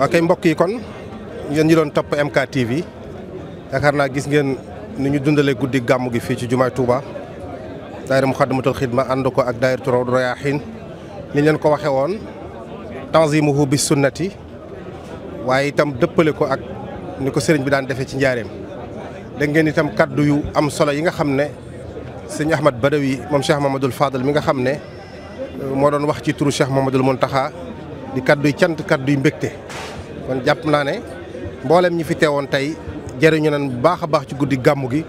waaw kay mbokk yi kon ngeen ñi doon topp MK TV yaakaar naa gis ngeen ni ñu dundalee guddi gàmm gi fii ci jumaay Touba daayira Muxaddamatul Xidma ànd ko ak daayira Rawdu Rayaahiin ni leen ko waxee woon tanzimuhu bi sunnati waaye itam dëppale ko ak ni ko sëriñ bi daan defee ci njaareem dégg ngeen itam kaddu yu am solo yi nga xam ne sëñ Ahmad Badawi moom Cheikh Mamadul Fadal mi nga xam ne moo doon wax ci turu Cheikh Mamadul taxaa di kaddu yu cant kaddu yu mbégte kon jàpp naa ne mbooleem ñi fi teewoon tey jëriñu nan bu baax a baax ci guddi gàmm gi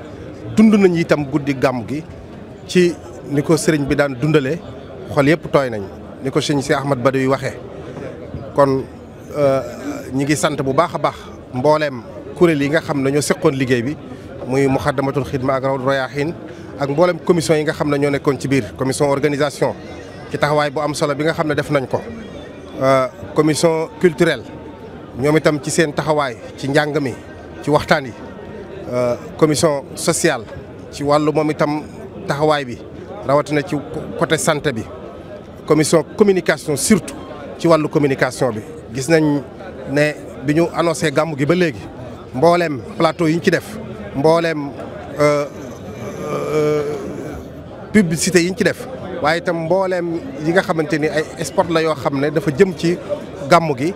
dund nañ itam guddi gàmm gi ci ni ko sëriñ bi daan dundalee xol yëpp tooy nañ ni ko sëriñ si Ahmad Badawi waxee kon euh, ñi ngi sant bu baax a baax mbooleem kuréel yi nga xam ne ñoo seqoon liggéey bi muy muxaddamatul xidma ak rawdu rayaaxiin ak mboolem commission yi nga xam ne ñoo nekkoon ci biir commission organisation ci taxawaay bu am solo bi nga xam ne def nañ ko euh, commission culturelle ñoom itam ci seen taxawaay ci njàng mi ci waxtaan yi euh, commission sociale ci wàllu moom itam taxawaay bi rawatina ci côté santé bi commission communication surtout ci wàllu communication bi gis nañ ne bi ñu annoncé gàmmu gi ba léegi mbooleem plateau yi ñu ci def mbooleem euh, euh, publicité yi ñu ci def waaye itam mbooleem yi nga xamante ni ay sport la yoo xam ne dafa jëm ci gàmmu gi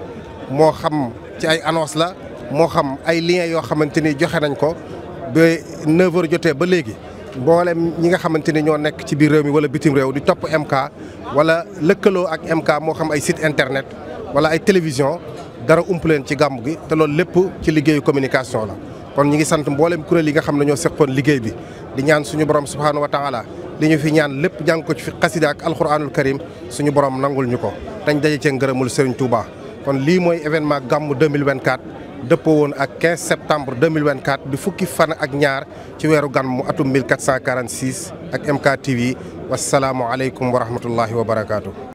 moo xam ci ay annonce la moo xam ay liens yoo xamante ni joxe nañ ko ba 9 jotee ba léegi mboolem ñi nga xamante ni ñoo nekk ci biir réew mi wala bitim réew di topp MK wala lëkkaloo ak MK moo xam ay site internet wala ay télévision dara ump leen ci gàmm gi te loolu lépp ci liggéeyu communication la. kon ñi ngi sant mboolem kuréel yi nga xam ne ñoo seqoon liggéey bi di ñaan suñu borom subhaanahu wa taala li ñu fi ñaan lépp jàng ko ci xasida ak alxuraanul karim suñu borom nangul ñu ko dañ daje cee ngërëmul Serigne Touba. kon lii mooy événement gàmmu 2024 dëppoo woon ak 15 septembre 2024 di fukki fan ak ñaar ci weeru gàmmu atum 1446 ak MK TV wasalaamualeykum wa rahmatullahi wa barakaatu.